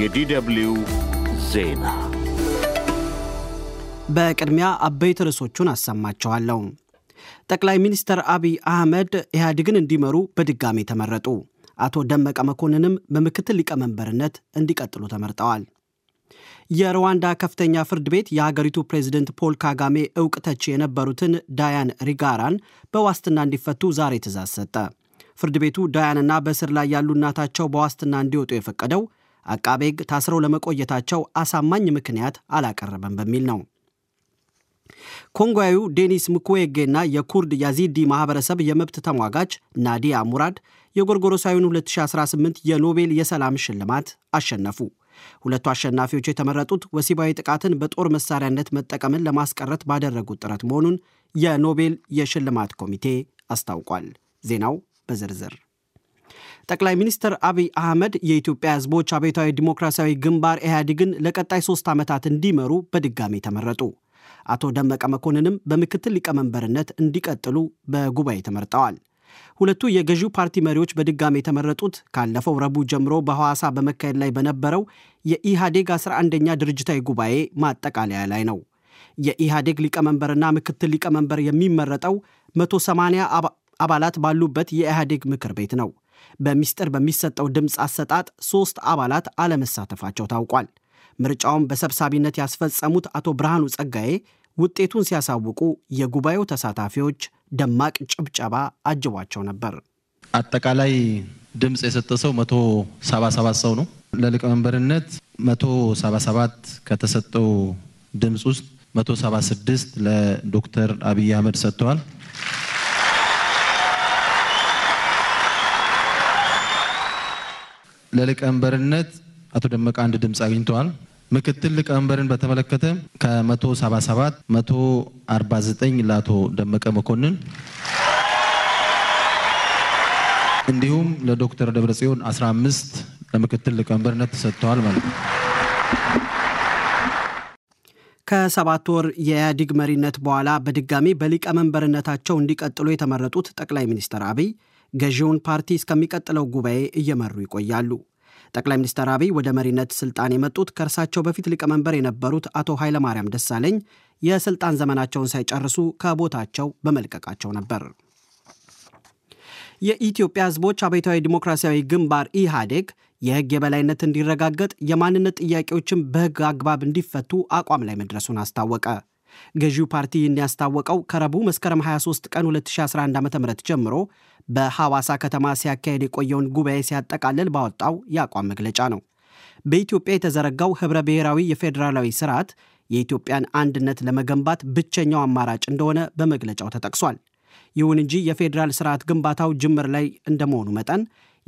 የዲደብሊው ዜና በቅድሚያ አበይት ርዕሶቹን አሰማቸዋለሁ። ጠቅላይ ሚኒስትር አቢይ አህመድ ኢህአዴግን እንዲመሩ በድጋሚ ተመረጡ። አቶ ደመቀ መኮንንም በምክትል ሊቀመንበርነት እንዲቀጥሉ ተመርጠዋል። የሩዋንዳ ከፍተኛ ፍርድ ቤት የሀገሪቱ ፕሬዝደንት ፖል ካጋሜ እውቅ ተቺ የነበሩትን ዳያን ሪጋራን በዋስትና እንዲፈቱ ዛሬ ትእዛዝ ሰጠ። ፍርድ ቤቱ ዳያንና በእስር ላይ ያሉ እናታቸው በዋስትና እንዲወጡ የፈቀደው አቃቤ ሕግ ታስረው ለመቆየታቸው አሳማኝ ምክንያት አላቀረበም በሚል ነው። ኮንጓዊው ዴኒስ ሙክዌጌና የኩርድ ያዚዲ ማህበረሰብ የመብት ተሟጋች ናዲያ ሙራድ የጎርጎሮሳዊን 2018 የኖቤል የሰላም ሽልማት አሸነፉ። ሁለቱ አሸናፊዎች የተመረጡት ወሲባዊ ጥቃትን በጦር መሳሪያነት መጠቀምን ለማስቀረት ባደረጉት ጥረት መሆኑን የኖቤል የሽልማት ኮሚቴ አስታውቋል። ዜናው በዝርዝር ጠቅላይ ሚኒስትር አብይ አህመድ የኢትዮጵያ ህዝቦች አብዮታዊ ዲሞክራሲያዊ ግንባር ኢህአዴግን ለቀጣይ ሶስት ዓመታት እንዲመሩ በድጋሚ ተመረጡ። አቶ ደመቀ መኮንንም በምክትል ሊቀመንበርነት እንዲቀጥሉ በጉባኤ ተመርጠዋል። ሁለቱ የገዢው ፓርቲ መሪዎች በድጋሚ የተመረጡት ካለፈው ረቡዕ ጀምሮ በሐዋሳ በመካሄድ ላይ በነበረው የኢህአዴግ 11ኛ ድርጅታዊ ጉባኤ ማጠቃለያ ላይ ነው። የኢህአዴግ ሊቀመንበርና ምክትል ሊቀመንበር የሚመረጠው 180 አባላት ባሉበት የኢህአዴግ ምክር ቤት ነው። በሚስጥር በሚሰጠው ድምፅ አሰጣጥ ሦስት አባላት አለመሳተፋቸው ታውቋል። ምርጫውን በሰብሳቢነት ያስፈጸሙት አቶ ብርሃኑ ጸጋዬ ውጤቱን ሲያሳውቁ የጉባኤው ተሳታፊዎች ደማቅ ጭብጨባ አጅቧቸው ነበር። አጠቃላይ ድምፅ የሰጠ ሰው መቶ ሰባ ሰባት ሰው ነው። ለሊቀመንበርነት መቶ ሰባ ሰባት ከተሰጠው ድምፅ ውስጥ መቶ ሰባ ስድስት ለዶክተር አብይ አህመድ ሰጥተዋል። ለሊቀመንበርነት አቶ ደመቀ አንድ ድምፅ አግኝተዋል። ምክትል ሊቀመንበርን በተመለከተ ከ177 149 ለአቶ ደመቀ መኮንን እንዲሁም ለዶክተር ደብረጽዮን 15 ለምክትል ሊቀመንበርነት ተሰጥተዋል ማለት ነው። ከሰባት ወር የኢህአዲግ መሪነት በኋላ በድጋሚ በሊቀመንበርነታቸው እንዲቀጥሉ የተመረጡት ጠቅላይ ሚኒስትር አብይ ገዢውን ፓርቲ እስከሚቀጥለው ጉባኤ እየመሩ ይቆያሉ። ጠቅላይ ሚኒስትር አብይ ወደ መሪነት ስልጣን የመጡት ከእርሳቸው በፊት ሊቀመንበር የነበሩት አቶ ኃይለማርያም ደሳለኝ የስልጣን ዘመናቸውን ሳይጨርሱ ከቦታቸው በመልቀቃቸው ነበር። የኢትዮጵያ ሕዝቦች አብዮታዊ ዲሞክራሲያዊ ግንባር ኢህአዴግ የህግ የበላይነት እንዲረጋገጥ፣ የማንነት ጥያቄዎችን በህግ አግባብ እንዲፈቱ አቋም ላይ መድረሱን አስታወቀ። ገዢው ፓርቲ እንዲያስታወቀው ከረቡ መስከረም 23 ቀን 2011 ዓ ም ጀምሮ በሐዋሳ ከተማ ሲያካሄድ የቆየውን ጉባኤ ሲያጠቃልል ባወጣው የአቋም መግለጫ ነው። በኢትዮጵያ የተዘረጋው ኅብረ ብሔራዊ የፌዴራላዊ ስርዓት የኢትዮጵያን አንድነት ለመገንባት ብቸኛው አማራጭ እንደሆነ በመግለጫው ተጠቅሷል። ይሁን እንጂ የፌዴራል ስርዓት ግንባታው ጅምር ላይ እንደመሆኑ መጠን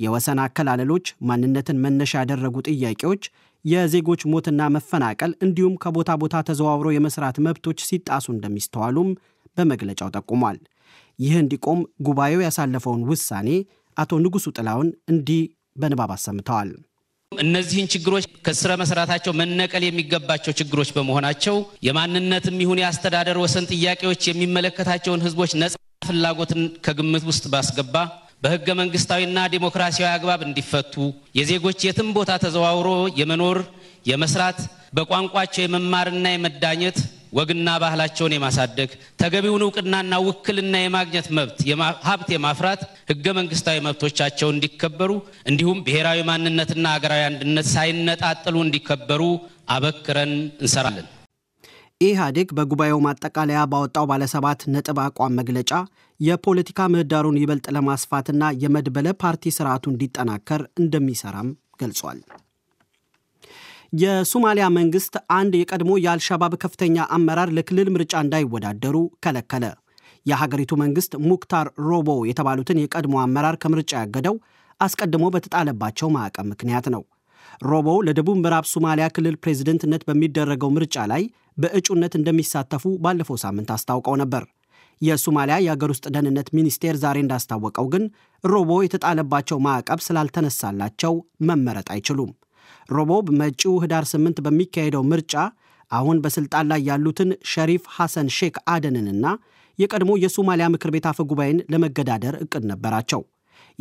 የወሰን አከላለሎች፣ ማንነትን መነሻ ያደረጉ ጥያቄዎች የዜጎች ሞትና መፈናቀል እንዲሁም ከቦታ ቦታ ተዘዋውሮ የመስራት መብቶች ሲጣሱ እንደሚስተዋሉም በመግለጫው ጠቁሟል። ይህ እንዲቆም ጉባኤው ያሳለፈውን ውሳኔ አቶ ንጉሱ ጥላውን እንዲህ በንባብ አሰምተዋል። እነዚህን ችግሮች ከስረ መሰረታቸው መነቀል የሚገባቸው ችግሮች በመሆናቸው የማንነትም ይሁን የአስተዳደር ወሰን ጥያቄዎች የሚመለከታቸውን ህዝቦች ነጻ ፍላጎትን ከግምት ውስጥ ባስገባ በህገ መንግስታዊና ዲሞክራሲያዊ አግባብ እንዲፈቱ የዜጎች የትም ቦታ ተዘዋውሮ የመኖር የመስራት በቋንቋቸው የመማርና የመዳኘት ወግና ባህላቸውን የማሳደግ ተገቢውን እውቅናና ውክልና የማግኘት መብት ሀብት የማፍራት ህገ መንግስታዊ መብቶቻቸው እንዲከበሩ እንዲሁም ብሔራዊ ማንነትና አገራዊ አንድነት ሳይነጣጥሉ እንዲከበሩ አበክረን እንሰራለን። ኢህአዴግ በጉባኤው ማጠቃለያ ባወጣው ባለሰባት ነጥብ አቋም መግለጫ የፖለቲካ ምህዳሩን ይበልጥ ለማስፋትና የመድበለ ፓርቲ ስርዓቱ እንዲጠናከር እንደሚሰራም ገልጿል። የሶማሊያ መንግስት አንድ የቀድሞ የአልሸባብ ከፍተኛ አመራር ለክልል ምርጫ እንዳይወዳደሩ ከለከለ። የሀገሪቱ መንግስት ሙክታር ሮቦ የተባሉትን የቀድሞ አመራር ከምርጫ ያገደው አስቀድሞ በተጣለባቸው ማዕቀብ ምክንያት ነው። ሮቦው ለደቡብ ምዕራብ ሶማሊያ ክልል ፕሬዝደንትነት በሚደረገው ምርጫ ላይ በእጩነት እንደሚሳተፉ ባለፈው ሳምንት አስታውቀው ነበር። የሶማሊያ የአገር ውስጥ ደህንነት ሚኒስቴር ዛሬ እንዳስታወቀው ግን ሮቦ የተጣለባቸው ማዕቀብ ስላልተነሳላቸው መመረጥ አይችሉም። ሮቦ በመጪው ህዳር ስምንት በሚካሄደው ምርጫ አሁን በስልጣን ላይ ያሉትን ሸሪፍ ሐሰን ሼክ አደንንና የቀድሞ የሶማሊያ ምክር ቤት አፈ ጉባኤን ለመገዳደር እቅድ ነበራቸው።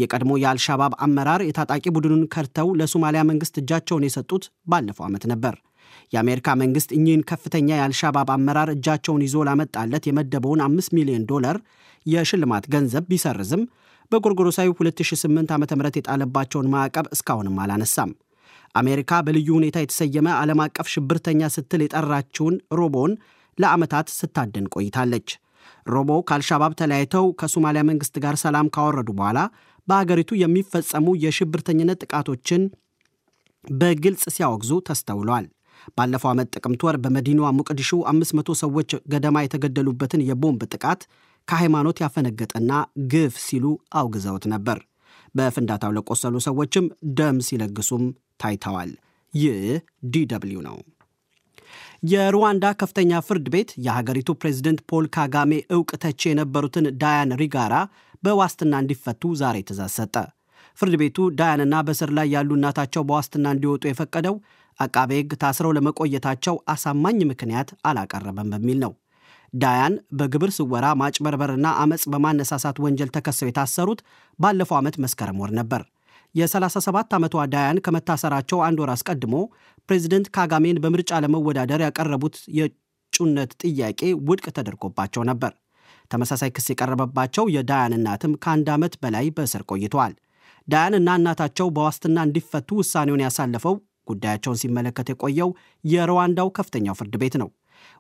የቀድሞ የአልሻባብ አመራር የታጣቂ ቡድኑን ከድተው ለሶማሊያ መንግስት እጃቸውን የሰጡት ባለፈው ዓመት ነበር። የአሜሪካ መንግስት እኚህን ከፍተኛ የአልሻባብ አመራር እጃቸውን ይዞ ላመጣለት የመደበውን 5 ሚሊዮን ዶላር የሽልማት ገንዘብ ቢሰርዝም በጎርጎሮሳዊ 2008 ዓ ም የጣለባቸውን ማዕቀብ እስካሁንም አላነሳም። አሜሪካ በልዩ ሁኔታ የተሰየመ ዓለም አቀፍ ሽብርተኛ ስትል የጠራችውን ሮቦን ለዓመታት ስታድን ቆይታለች። ሮቦ ከአልሻባብ ተለያይተው ከሶማሊያ መንግስት ጋር ሰላም ካወረዱ በኋላ በአገሪቱ የሚፈጸሙ የሽብርተኝነት ጥቃቶችን በግልጽ ሲያወግዙ ተስተውሏል። ባለፈው ዓመት ጥቅምት ወር በመዲናዋ ሞቃዲሾ 500 ሰዎች ገደማ የተገደሉበትን የቦምብ ጥቃት ከሃይማኖት ያፈነገጠና ግፍ ሲሉ አውግዘውት ነበር። በፍንዳታው ለቆሰሉ ሰዎችም ደም ሲለግሱም ታይተዋል። ይህ ዲደብልዩ ነው። የሩዋንዳ ከፍተኛ ፍርድ ቤት የሀገሪቱ ፕሬዝደንት ፖል ካጋሜ እውቅ ተቺ የነበሩትን ዳያን ሪጋራ በዋስትና እንዲፈቱ ዛሬ ትእዛዝ ሰጠ። ፍርድ ቤቱ ዳያንና በስር ላይ ያሉ እናታቸው በዋስትና እንዲወጡ የፈቀደው አቃቤ ሕግ ታስረው ለመቆየታቸው አሳማኝ ምክንያት አላቀረበም በሚል ነው። ዳያን በግብር ስወራ፣ ማጭበርበርና አመፅ በማነሳሳት ወንጀል ተከሰው የታሰሩት ባለፈው ዓመት መስከረም ወር ነበር። የ37 ዓመቷ ዳያን ከመታሰራቸው አንድ ወር አስቀድሞ ፕሬዚደንት ካጋሜን በምርጫ ለመወዳደር ያቀረቡት የእጩነት ጥያቄ ውድቅ ተደርጎባቸው ነበር። ተመሳሳይ ክስ የቀረበባቸው የዳያን እናትም ከአንድ ዓመት በላይ በእስር ቆይተዋል። እና እናታቸው በዋስትና እንዲፈቱ ውሳኔውን ያሳለፈው ጉዳያቸውን ሲመለከት የቆየው የሩዋንዳው ከፍተኛው ፍርድ ቤት ነው።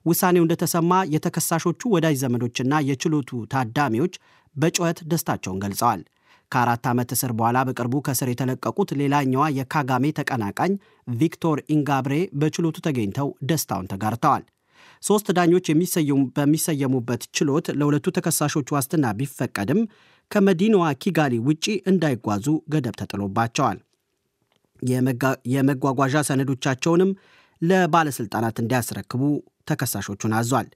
ውሳኔው እንደተሰማ የተከሳሾቹ ወዳጅ ዘመዶችና የችሎቱ ታዳሚዎች በጩኸት ደስታቸውን ገልጸዋል። ከአራት ዓመት እስር በኋላ በቅርቡ ከስር የተለቀቁት ሌላኛዋ የካጋሜ ተቀናቃኝ ቪክቶር ኢንጋብሬ በችሎቱ ተገኝተው ደስታውን ተጋርተዋል። ሶስት ዳኞች በሚሰየሙበት ችሎት ለሁለቱ ተከሳሾች ዋስትና ቢፈቀድም ከመዲናዋ ኪጋሊ ውጪ እንዳይጓዙ ገደብ ተጥሎባቸዋል። የመጓጓዣ ሰነዶቻቸውንም ለባለሥልጣናት እንዲያስረክቡ ተከሳሾቹን አዟል።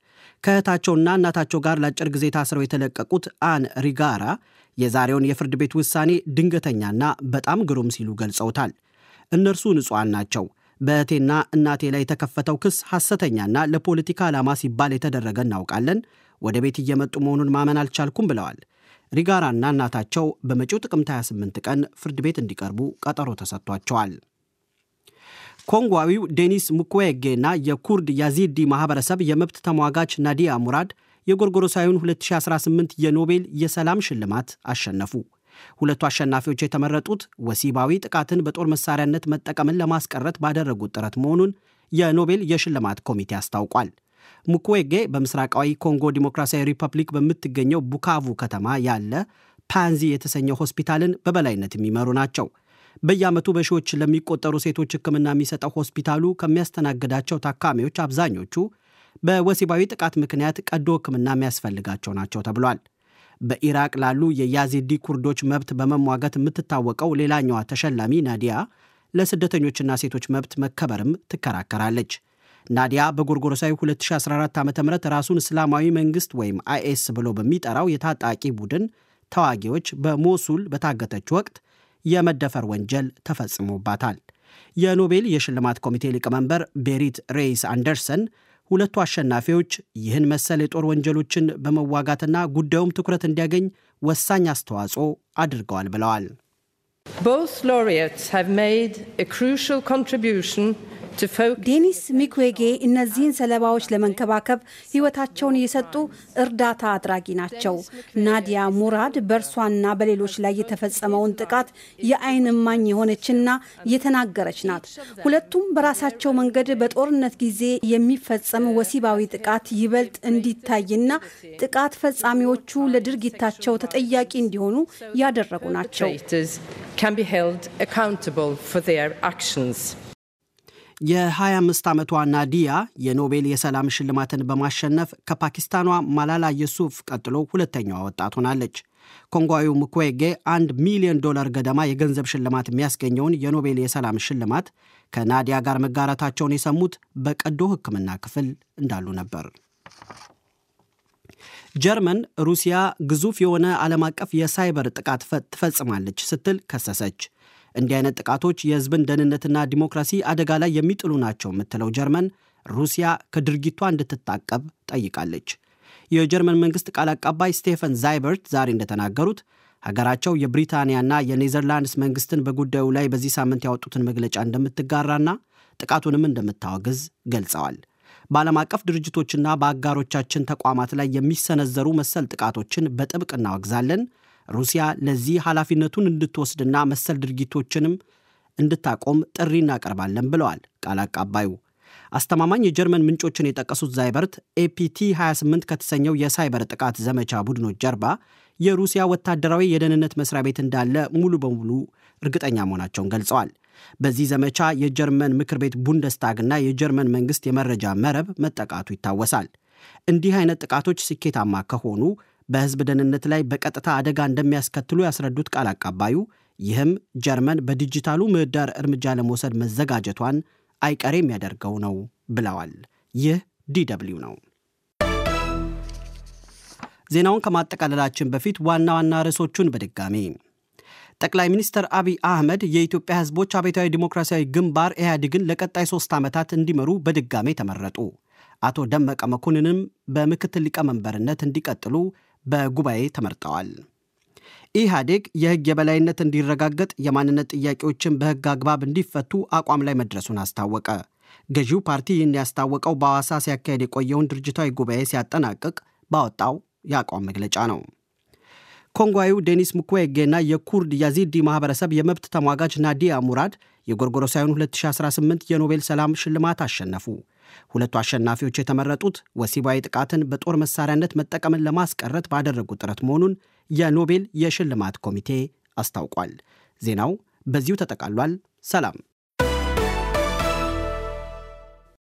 ከእህታቸውና እናታቸው ጋር ለአጭር ጊዜ ታስረው የተለቀቁት አን ሪጋራ የዛሬውን የፍርድ ቤት ውሳኔ ድንገተኛና በጣም ግሩም ሲሉ ገልጸውታል። እነርሱ ንጹዋን ናቸው። በእቴና እናቴ ላይ የተከፈተው ክስ ሐሰተኛና ለፖለቲካ ዓላማ ሲባል የተደረገ እናውቃለን። ወደ ቤት እየመጡ መሆኑን ማመን አልቻልኩም ብለዋል። ሪጋራና እናታቸው በመጪው ጥቅምት 28 ቀን ፍርድ ቤት እንዲቀርቡ ቀጠሮ ተሰጥቷቸዋል። ኮንጓዊው ዴኒስ ሙክዌጌና የኩርድ ያዚዲ ማኅበረሰብ የመብት ተሟጋች ናዲያ ሙራድ የጎርጎሮሳዊውን 2018 የኖቤል የሰላም ሽልማት አሸነፉ። ሁለቱ አሸናፊዎች የተመረጡት ወሲባዊ ጥቃትን በጦር መሳሪያነት መጠቀምን ለማስቀረት ባደረጉት ጥረት መሆኑን የኖቤል የሽልማት ኮሚቴ አስታውቋል። ሙኩዌጌ በምስራቃዊ ኮንጎ ዲሞክራሲያዊ ሪፐብሊክ በምትገኘው ቡካቩ ከተማ ያለ ፓንዚ የተሰኘው ሆስፒታልን በበላይነት የሚመሩ ናቸው። በየዓመቱ በሺዎች ለሚቆጠሩ ሴቶች ሕክምና የሚሰጠው ሆስፒታሉ ከሚያስተናግዳቸው ታካሚዎች አብዛኞቹ በወሲባዊ ጥቃት ምክንያት ቀዶ ሕክምና የሚያስፈልጋቸው ናቸው ተብሏል። በኢራቅ ላሉ የያዚዲ ኩርዶች መብት በመሟገት የምትታወቀው ሌላኛዋ ተሸላሚ ናዲያ ለስደተኞችና ሴቶች መብት መከበርም ትከራከራለች። ናዲያ በጎርጎሮሳዊ 2014 ዓ ም ራሱን እስላማዊ መንግሥት ወይም አይኤስ ብሎ በሚጠራው የታጣቂ ቡድን ተዋጊዎች በሞሱል በታገተች ወቅት የመደፈር ወንጀል ተፈጽሞባታል። የኖቤል የሽልማት ኮሚቴ ሊቀመንበር ቤሪት ሬይስ አንደርሰን ሁለቱ አሸናፊዎች ይህን መሰል የጦር ወንጀሎችን በመዋጋትና ጉዳዩም ትኩረት እንዲያገኝ ወሳኝ አስተዋጽኦ አድርገዋል ብለዋል። Both laureates have made a crucial contribution ዴኒስ ሚኩዌጌ እነዚህን ሰለባዎች ለመንከባከብ ሕይወታቸውን የሰጡ እርዳታ አድራጊ ናቸው። ናዲያ ሙራድ በእርሷና በሌሎች ላይ የተፈጸመውን ጥቃት የአይን እማኝ የሆነችና የተናገረች ናት። ሁለቱም በራሳቸው መንገድ በጦርነት ጊዜ የሚፈጸም ወሲባዊ ጥቃት ይበልጥ እንዲታይና ጥቃት ፈጻሚዎቹ ለድርጊታቸው ተጠያቂ እንዲሆኑ ያደረጉ ናቸው። የ25 ዓመቷ ናዲያ የኖቤል የሰላም ሽልማትን በማሸነፍ ከፓኪስታኗ ማላላ የሱፍ ቀጥሎ ሁለተኛዋ ወጣት ሆናለች። ኮንጓዊው ሙክዌጌ አንድ ሚሊዮን ዶላር ገደማ የገንዘብ ሽልማት የሚያስገኘውን የኖቤል የሰላም ሽልማት ከናዲያ ጋር መጋራታቸውን የሰሙት በቀዶ ሕክምና ክፍል እንዳሉ ነበር። ጀርመን ሩሲያ ግዙፍ የሆነ ዓለም አቀፍ የሳይበር ጥቃት ትፈጽማለች ስትል ከሰሰች። እንዲህ አይነት ጥቃቶች የህዝብን ደህንነትና ዲሞክራሲ አደጋ ላይ የሚጥሉ ናቸው የምትለው ጀርመን ሩሲያ ከድርጊቷ እንድትታቀብ ጠይቃለች። የጀርመን መንግሥት ቃል አቀባይ ስቴፈን ዛይበርት ዛሬ እንደተናገሩት ሀገራቸው የብሪታንያና የኔዘርላንድስ መንግስትን በጉዳዩ ላይ በዚህ ሳምንት ያወጡትን መግለጫ እንደምትጋራና ጥቃቱንም እንደምታወግዝ ገልጸዋል። በዓለም አቀፍ ድርጅቶችና በአጋሮቻችን ተቋማት ላይ የሚሰነዘሩ መሰል ጥቃቶችን በጥብቅ እናወግዛለን። ሩሲያ ለዚህ ኃላፊነቱን እንድትወስድና መሰል ድርጊቶችንም እንድታቆም ጥሪ እናቀርባለን ብለዋል ቃል አቃባዩ። አስተማማኝ የጀርመን ምንጮችን የጠቀሱት ዛይበርት ኤፒቲ 28 ከተሰኘው የሳይበር ጥቃት ዘመቻ ቡድኖች ጀርባ የሩሲያ ወታደራዊ የደህንነት መስሪያ ቤት እንዳለ ሙሉ በሙሉ እርግጠኛ መሆናቸውን ገልጸዋል። በዚህ ዘመቻ የጀርመን ምክር ቤት ቡንደስታግና የጀርመን መንግስት የመረጃ መረብ መጠቃቱ ይታወሳል። እንዲህ አይነት ጥቃቶች ስኬታማ ከሆኑ በህዝብ ደህንነት ላይ በቀጥታ አደጋ እንደሚያስከትሉ ያስረዱት ቃል አቀባዩ፣ ይህም ጀርመን በዲጂታሉ ምህዳር እርምጃ ለመውሰድ መዘጋጀቷን አይቀሬ የሚያደርገው ነው ብለዋል። ይህ ዲደብሊው ነው። ዜናውን ከማጠቃለላችን በፊት ዋና ዋና ርዕሶቹን በድጋሚ ጠቅላይ ሚኒስትር አቢይ አህመድ የኢትዮጵያ ህዝቦች አብዮታዊ ዲሞክራሲያዊ ግንባር ኢህአዲግን ለቀጣይ ሶስት ዓመታት እንዲመሩ በድጋሜ ተመረጡ። አቶ ደመቀ መኮንንም በምክትል ሊቀመንበርነት እንዲቀጥሉ በጉባኤ ተመርጠዋል። ኢህአዴግ የህግ የበላይነት እንዲረጋገጥ የማንነት ጥያቄዎችን በህግ አግባብ እንዲፈቱ አቋም ላይ መድረሱን አስታወቀ። ገዢው ፓርቲ ይህን ያስታወቀው በአዋሳ ሲያካሄድ የቆየውን ድርጅታዊ ጉባኤ ሲያጠናቅቅ ባወጣው የአቋም መግለጫ ነው። ኮንጓዩ ዴኒስ ሙክዌጌና የኩርድ ያዚዲ ማህበረሰብ የመብት ተሟጋች ናዲያ ሙራድ የጎርጎሮሳውያን 2018 የኖቤል ሰላም ሽልማት አሸነፉ። ሁለቱ አሸናፊዎች የተመረጡት ወሲባዊ ጥቃትን በጦር መሳሪያነት መጠቀምን ለማስቀረት ባደረጉት ጥረት መሆኑን የኖቤል የሽልማት ኮሚቴ አስታውቋል። ዜናው በዚሁ ተጠቃሏል። ሰላም።